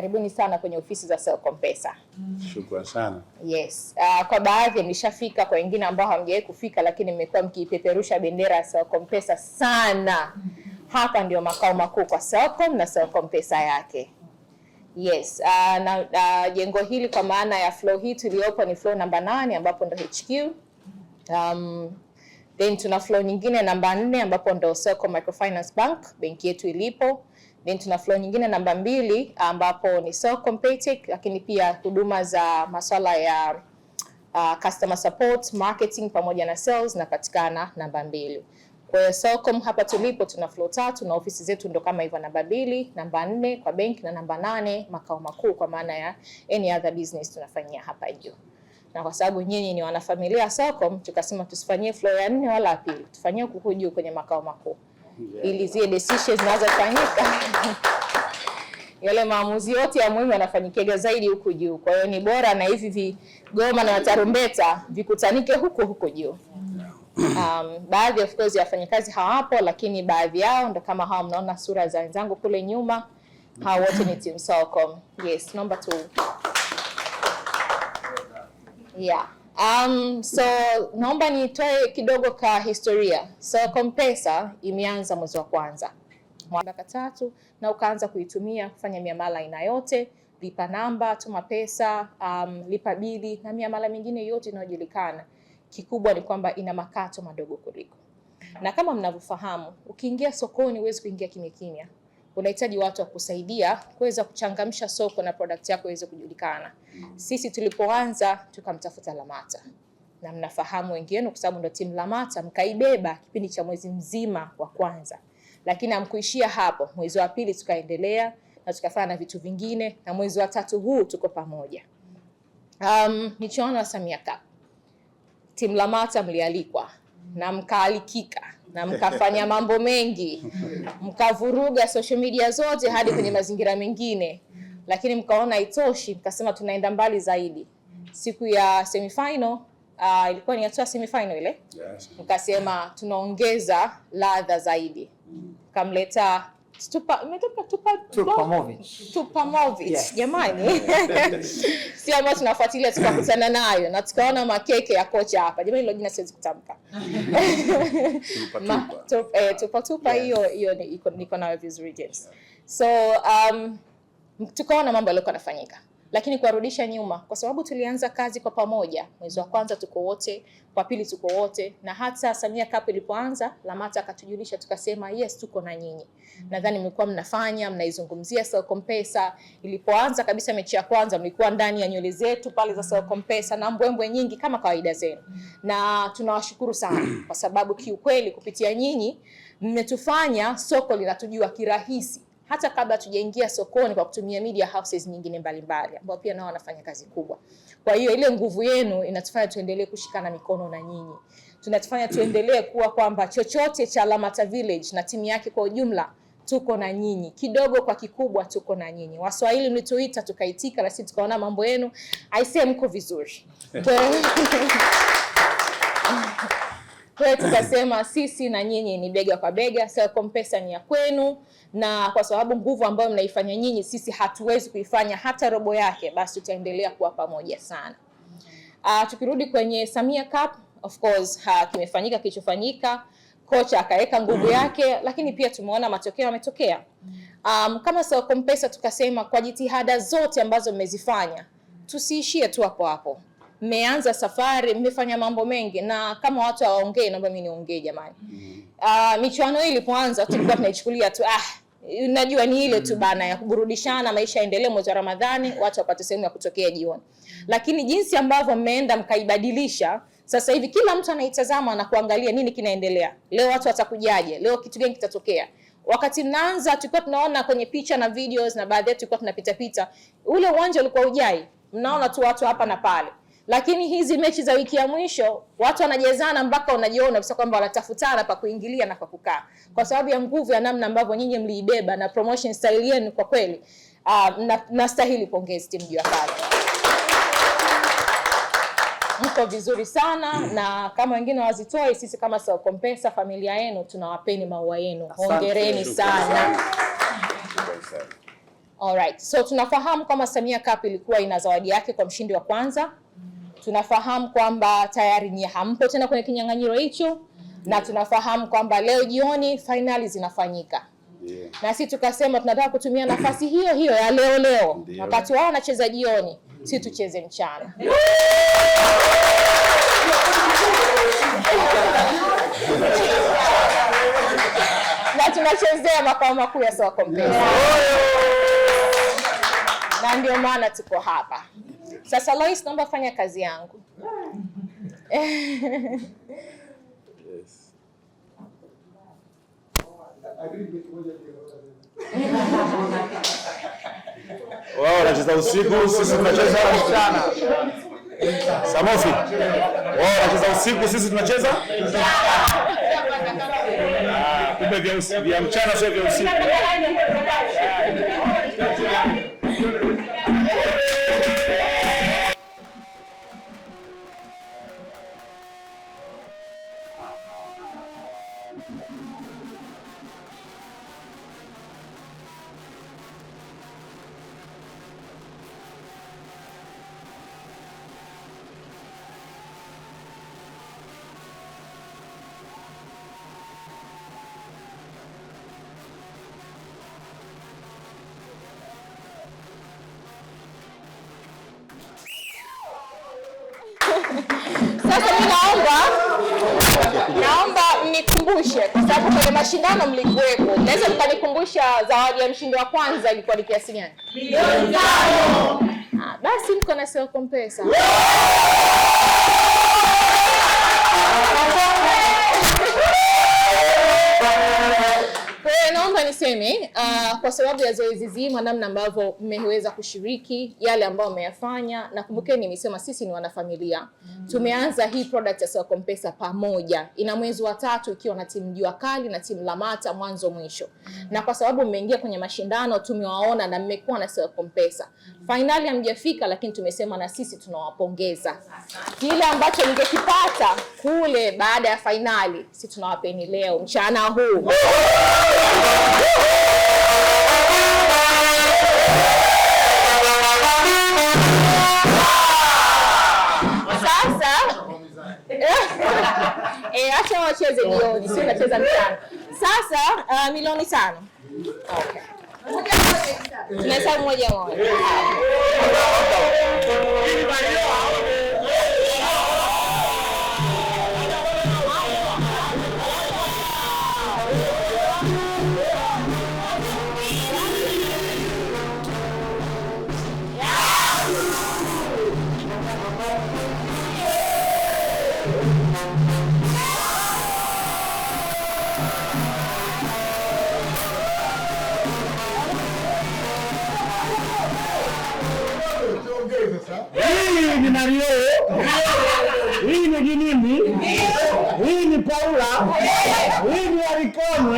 karibuni sana kwenye ofisi za Selcom Pesa. Shukrani sana. Yes. Uh, kwa baadhi nishafika, kwa wengine ambao hamjawahi kufika, lakini mmekuwa mkipeperusha bendera ya Selcom Pesa sana. Hapa ndio makao makuu kwa Selcom na Selcom Pesa yake. Yes. Uh, na uh, jengo hili kwa maana ya floor hii tuliyopo ni floor namba nane ambapo ndo HQ. Um, then tuna floor nyingine namba 4 ambapo ndo Selcom Microfinance Bank benki yetu ilipo Then tuna floor nyingine namba mbili ambapo ni self competitive, lakini pia huduma za masuala ya uh, customer support, marketing pamoja na sales zinapatikana namba mbili. Kwa hiyo Selcom hapa tulipo tuna floor tatu na ofisi zetu ndo kama hivyo, namba mbili, namba nne kwa benki na namba nane makao makuu, kwa maana ya any other business tunafanyia hapa juu. Na kwa sababu nyinyi ni wanafamilia Selcom, tukasema tusifanyie floor ya nne wala ya pili, tufanyie huku juu kwenye makao makuu ili zile decisions zinazofanyika yale maamuzi yote ya muhimu yanafanyikega zaidi huku juu. Kwa hiyo ni bora na hivi vigoma na tarumbeta vikutanike huko huko juu. Um, baadhi of course wafanyakazi hawapo, lakini baadhi yao ndo kama hawa mnaona sura za wenzangu kule nyuma, hao wote ni team Solcom. Yes, number tu yeah Um, so naomba nitoe kidogo ka historia. So Pesa imeanza mwezi wa kwanza mwaka tatu, na ukaanza kuitumia kufanya miamala aina yote, lipa namba, tuma pesa, um, lipa bili na miamala mingine yote inayojulikana. Kikubwa ni kwamba ina makato madogo kuliko, na kama mnavyofahamu, ukiingia sokoni huwezi kuingia kimya kimya unahitaji watu wa kusaidia kuweza kuchangamsha soko na product yako iweze kujulikana. Mm. Sisi tulipoanza tukamtafuta Lamata na mnafahamu wengine, kwa sababu ndo timu Lamata mkaibeba kipindi cha mwezi mzima wa kwanza, lakini hamkuishia hapo. Mwezi wa pili tukaendelea na tukafanya vitu vingine, na mwezi wa tatu huu tuko pamoja. Um, michuano ya Samia Cup timu Lamata mlialikwa na mkaalikika na mkafanya mambo mengi, mkavuruga social media zote hadi kwenye mazingira mengine, lakini mkaona itoshi, mkasema tunaenda mbali zaidi. Siku ya semifinal uh, ilikuwa ni hatua semifinal ile, mkasema tunaongeza ladha zaidi, mkamleta Stupa, umetoka Tupamovic jamani, sio ambayo tunafuatilia tukakutana nayo na tukaona makeke ya kocha hapa. Jamani, hilo jina siwezi kutamka tupatupa, hiyo hiyo niko nayo vizuri James. So um, tukaona mambo yaliokuwa anafanyika lakini kuwarudisha nyuma, kwa sababu tulianza kazi kwa pamoja. Mwezi wa kwanza tuko wote, wa pili tuko wote, na hata Samia Cup ilipoanza, Lamata akatujulisha, tukasema yes, tuko na nyinyi. Mm. Nadhani mlikuwa mnafanya mnaizungumzia Selcom Pesa ilipoanza kabisa, mechi ya kwanza mlikuwa ndani ya nywele zetu pale za Selcom mm. Pesa na mbwembwe nyingi kama kawaida zenu, mm. na tunawashukuru sana kwa sababu kiukweli kupitia nyinyi mmetufanya soko linatujua kirahisi hata kabla tujaingia sokoni kwa kutumia media houses nyingine mbalimbali ambao pia nao wanafanya kazi kubwa. Kwa hiyo ile nguvu yenu inatufanya tuendelee kushikana mikono na nyinyi, tunatufanya tuendelee kuwa kwamba chochote cha Lamata Village na timu yake kwa ujumla tuko na nyinyi, kidogo kwa kikubwa tuko na nyinyi. Waswahili mlituita tukaitika, na sisi tukaona mambo yenu, aisee, mko vizuri Kwa hiyo tukasema sisi na nyinyi ni bega kwa bega, Selcom Pesa ni ya kwenu, na kwa sababu nguvu ambayo mnaifanya nyinyi sisi hatuwezi kuifanya hata robo yake, basi tutaendelea kuwa pamoja sana. Uh, tukirudi kwenye Samia Cup, of course kimefanyika kilichofanyika, kocha akaweka nguvu yake, lakini pia tumeona matokeo yametokea. Um, kama Selcom Pesa tukasema kwa jitihada zote ambazo mmezifanya tusiishie tu hapo hapo mmeanza safari, mmefanya mambo mengi, na kama watu hawaongee, naomba mimi niongee jamani. mm. -hmm. Uh, michuano hii ilipoanza tulikuwa tunaichukulia tu ah, unajua ni ile tu mm-hmm. bana ya kuburudishana, maisha yaendelee, mwezi wa Ramadhani watu wapate sehemu ya kutokea jioni. Lakini jinsi ambavyo mmeenda mkaibadilisha, sasa hivi kila mtu anaitazama na kuangalia nini kinaendelea leo, watu watakujaje leo, kitu gani kitatokea. Wakati mnaanza tulikuwa tunaona kwenye picha na videos na baadhi yetu tulikuwa tunapita pita, ule uwanja ulikuwa ujai, mnaona tu watu hapa na pale. Lakini hizi mechi za wiki ya mwisho watu wanajezana mpaka unajiona sasa kwamba wanatafutana pa kuingilia na pa kukaa, kwa sababu ya nguvu ya namna ambavyo nyinyi mliibeba na promotion style yenu. Kwa kweli ah, nastahili na pongezi, timu Jua Kali mko vizuri sana mm. na kama wengine wazitoi, sisi kama Selcompensa familia yenu tunawapeni maua yenu, hongereni sana. Alright, so tunafahamu kama Samia Cup ilikuwa ina zawadi yake kwa mshindi wa kwanza Tunafahamu kwamba tayari nyie hampo tena kwenye kinyang'anyiro hicho, na tunafahamu kwamba leo jioni fainali zinafanyika yeah. Na sisi tukasema tunataka kutumia nafasi hiyo hiyo ya leo leo, wakati wao wanacheza jioni, si tucheze mchana na tunachezea makao makuu ya Soka yeah. Na ndio maana tuko hapa. Sasa Lois, naomba fanya kazi yangu. Yes. Wao wanacheza usiku, sisi tunacheza mchana. Samosi. Wao wanacheza usiku, sisi tunacheza ah, kumbe vya mchana sio vya usiku. mnikumbushe kwa sababu kwenye mashindano mlikuwepo, naweza mkanikumbusha zawadi ya mshindi wa kwanza ilikuwa ni kiasi gani? Milioni tano. Ah, basi mko na Selcom Naomba niseme uh, kwa sababu ya zoezi zima, namna ambavyo mmeweza kushiriki yale ambayo mmeyafanya, na kumbukeni, nimesema sisi ni wanafamilia mm. Tumeanza hii product ya Selcom Pesa pamoja, ina mwezi wa tatu ikiwa na timu Jua Kali na timu Lamata mwanzo mwisho mm. Na kwa sababu mmeingia kwenye mashindano, tumewaona na mmekuwa na Selcom Pesa Finali hamjafika, lakini tumesema na sisi tunawapongeza kile ambacho mngekipata kule baada ya fainali, si tunawapeni leo mchana huu Eh, eh, acha wacheze jioni, sio nacheza mchana. Sasa uh, milioni tano. Tunahesabu moja moja.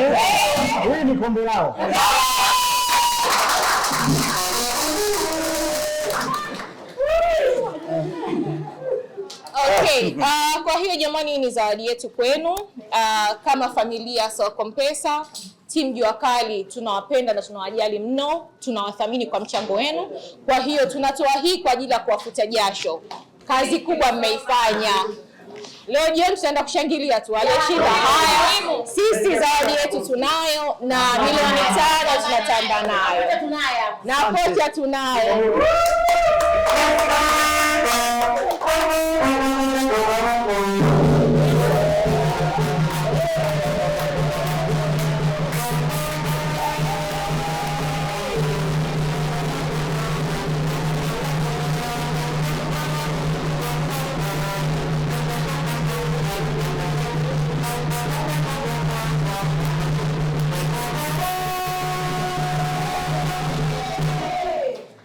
Hii ni lao. Okay. Uh, kwa hiyo jamani, ni zawadi yetu kwenu uh, kama familia mpesa timu Jua Kali tunawapenda na tunawajali mno, tunawathamini kwa mchango wenu. Kwa hiyo tunatoa hii kwa ajili ya kuwafuta jasho. Kazi kubwa mmeifanya. Leo jioni tutaenda kushangilia tu, aliyeshinda haya. Sisi zawadi yetu tunayo na milioni tano tunatamba nayo na kocha tunayo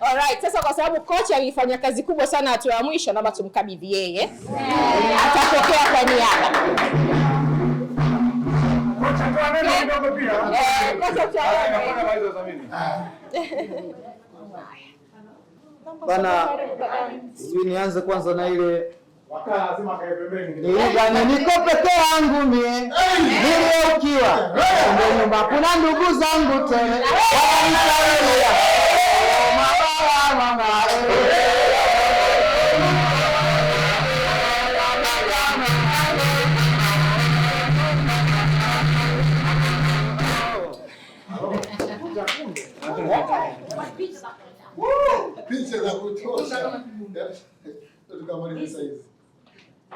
Alright, sasa kwa sababu kocha alifanya kazi kubwa sana hatua ya mwisho, naomba tumkabidhi yeye, yeah. Atapokea kwa niaba eh, bana. Sijui nianze kwanza na ile nilidhani niko peke yangu mie, niliukiwa ndio nyumba, kuna ndugu zangu tena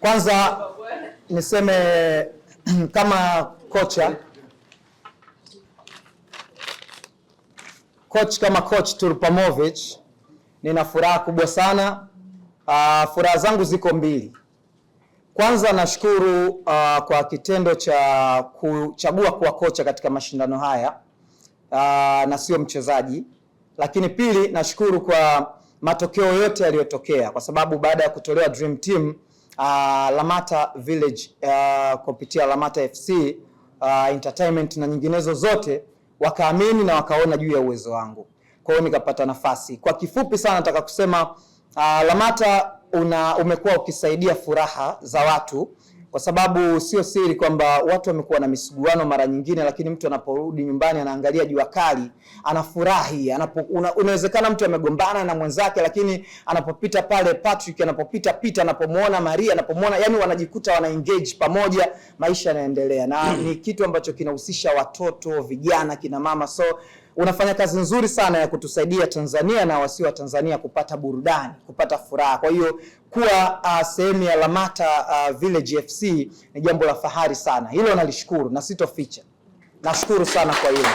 Kwanza niseme kama kocha coach kama coach Turpamovic, nina furaha kubwa sana. Uh, furaha zangu ziko mbili. Kwanza nashukuru uh, kwa kitendo cha kuchagua kuwa kocha katika mashindano haya uh, na sio mchezaji. Lakini pili nashukuru kwa matokeo yote yaliyotokea, kwa sababu baada ya kutolewa dream team uh, Lamata Village uh, kupitia Lamata FC uh, entertainment na nyinginezo zote wakaamini na wakaona juu ya uwezo wangu, kwa hiyo nikapata nafasi. Kwa kifupi sana nataka kusema uh, Lamata una umekuwa ukisaidia furaha za watu, kwa sababu sio siri kwamba watu wamekuwa na misuguano mara nyingine, lakini mtu anaporudi nyumbani anaangalia jua kali anafurahi anapo, una, unawezekana mtu amegombana na mwenzake, lakini anapopita pale Patrick anapopita Pita anapomwona Maria anapomwona, yani wanajikuta wana engage pamoja, maisha yanaendelea na ni kitu ambacho kinahusisha watoto, vijana, kina mama so unafanya kazi nzuri sana ya kutusaidia Tanzania na wasio wa Tanzania kupata burudani, kupata furaha. Kwa hiyo kuwa uh, sehemu ya Lamata uh, Village FC ni jambo la fahari sana, hilo nalishukuru na sitoficha, nashukuru sana kwa hilo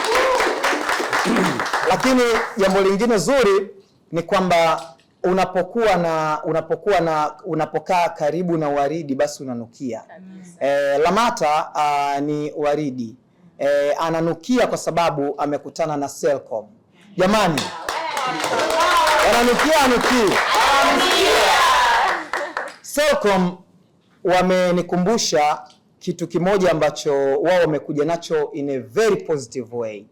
lakini jambo lingine zuri ni kwamba unapokuwa na unapokuwa na unapokaa karibu na waridi basi unanukia. E, Lamata uh, ni waridi eh, ananukia kwa sababu amekutana na Selcom. Jamani, ananukia anukii. Selcom wamenikumbusha kitu kimoja ambacho wao wamekuja nacho in a very positive way.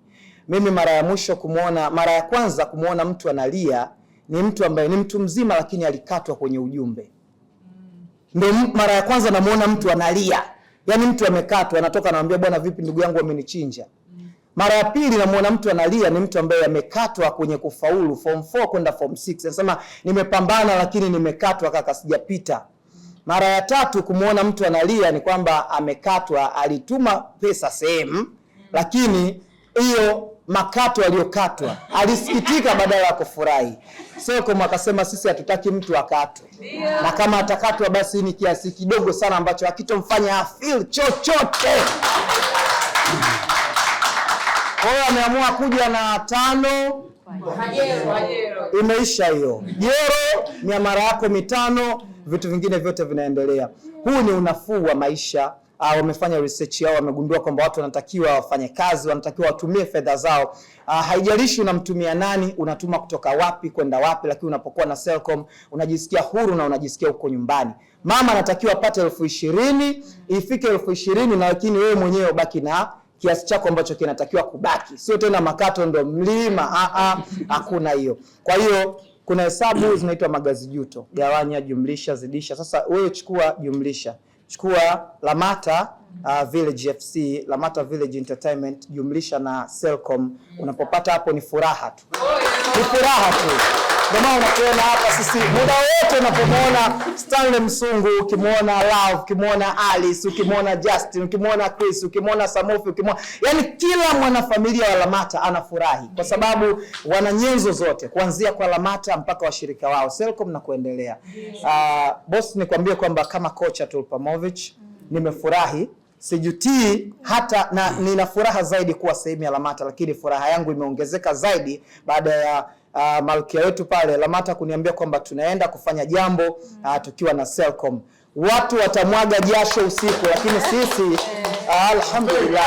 Mimi mara ya mwisho kumuona, mara ya kwanza kumuona mtu analia ni mtu ambaye ni mtu mzima, lakini alikatwa kwenye ujumbe, ndio mara ya kwanza namuona mtu analia Yaani mtu amekatwa anatoka anamwambia bwana, vipi ndugu yangu amenichinja. Mara ya pili namuona mtu analia ni mtu ambaye amekatwa kwenye kufaulu form 4 kwenda form 6. Anasema nimepambana lakini nimekatwa kaka, sijapita. Mara ya tatu kumuona mtu analia ni kwamba amekatwa, alituma pesa sehemu lakini hiyo makato aliyokatwa alisikitika badala ya kufurahi. Soko akasema sisi hatutaki mtu akatwe, na kama atakatwa basi ni kiasi kidogo sana ambacho hakitomfanya afil chochote. Kwa hiyo ameamua kuja na tano imeisha hiyo jero, miamara yako mitano, vitu vingine vyote vinaendelea. Huu ni unafuu wa maisha uh, wamefanya research yao, wamegundua kwamba watu wanatakiwa wafanye kazi, wanatakiwa watumie fedha zao. Uh, haijalishi unamtumia nani, unatuma kutoka wapi kwenda wapi, lakini unapokuwa na Selcom unajisikia huru na unajisikia uko nyumbani. Mama anatakiwa apate elfu ishirini ifike elfu ishirini na lakini wewe mwenyewe ubaki na kiasi chako ambacho kinatakiwa kubaki, sio tena makato ndo mlima. A ah, a, hakuna hiyo. Kwa hiyo kuna hesabu zinaitwa magazi juto: gawanya, jumlisha, zidisha. Sasa wewe chukua jumlisha chukua Lamata uh, Village FC, Lamata Village Entertainment, jumlisha na Selcom, unapopata hapo ni furaha tu ni furaha tu. Ndio maana unakuona hapa sisi muda wote, unapomwona Stanley Msungu, ukimwona Love, ukimwona Alice, ukimwona Justin, ukimwona Chris, ukimwona Samofi, ukimwona yani, kila mwanafamilia wa Lamata anafurahi kwa sababu wana nyenzo zote, kuanzia kwa Lamata mpaka washirika wao Selcom na kuendelea. Uh, boss, nikwambie kwamba kama kocha Tulpamovic nimefurahi Sijutii hata na nina furaha zaidi kuwa sehemu ya Lamata, lakini furaha yangu imeongezeka zaidi baada ya uh, malkia wetu pale Lamata kuniambia kwamba tunaenda kufanya jambo mm. uh, tukiwa na Selcom. Watu watamwaga jasho usiku, lakini sisi uh, alhamdulillah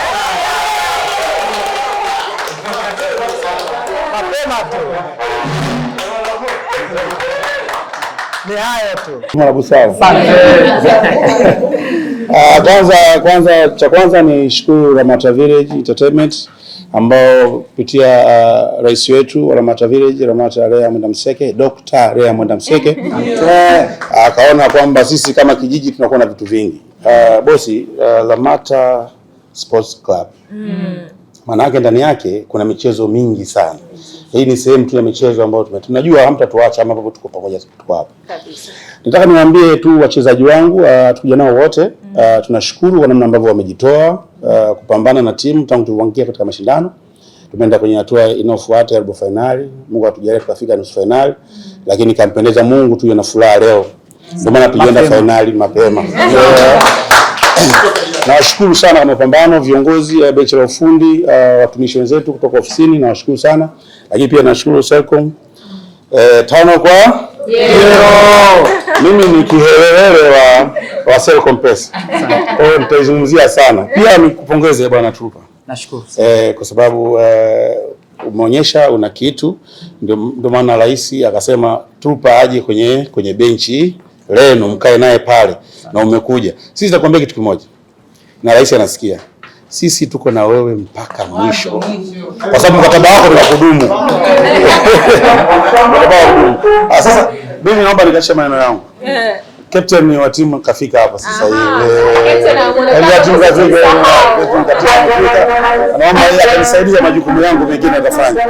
mapema tu ni hayo tu. Uh, kwanza kwanza cha kwanza ni shukuru Ramata Village Entertainment ambao kupitia uh, rais wetu wa Ramata Village Ramata Rea Mwenda Mseke, Dr. Rea Mwenda Mseke eh, akaona uh, kwamba sisi kama kijiji tunakuwa na vitu vingi uh, bosi uh, Ramata Sports Club mm. maana mm. yake ndani yake kuna michezo mingi sana hii ni sehemu tu ya michezo ambayo tume tunajua hamtatuacha ama tuko pamoja, tuko hapa kabisa. Nataka niwaambie tu wachezaji wangu uh, tukija nao wote mm. Uh, tunashukuru kwa namna ambavyo wamejitoa uh, kupambana na timu tangu tuangia katika mashindano tumeenda kwenye hatua inayofuata ya robo finali. Mungu atujalie tukafika nusu finali. mm. Lakini kampendeza Mungu tuwe na furaha leo, ndio maana tulienda finali mapema yeah. Nawashukuru sana kwa mapambano viongozi ya eh, Bachelor la Ufundi, uh, watumishi wenzetu kutoka ofisini nawashukuru sana, lakini pia nashukuru Selcom eh, tano kwa yeah. Mimi ni kiherehere wa, wa Selcom Pesa kwa hiyo nitaizungumzia sana pia nikupongeze bwana Trupa Nashukuru eh, kwa sababu eh, umeonyesha una kitu, ndio maana rais akasema Trupa aje kwenye kwenye benchi lenu mkae naye pale na umekuja. Sisi nakwambia kitu kimoja na rais anasikia. Sisi tuko na wewe mpaka mwisho, kwa sababu mkataba wako ni wa kudumu. Ah, sasa mimi naomba nikashe maneno yangu. Eh. Captain wa timu kafika hapa sasa hivi, naomba yeye akanisaidia majukumu yangu mengine atafanya.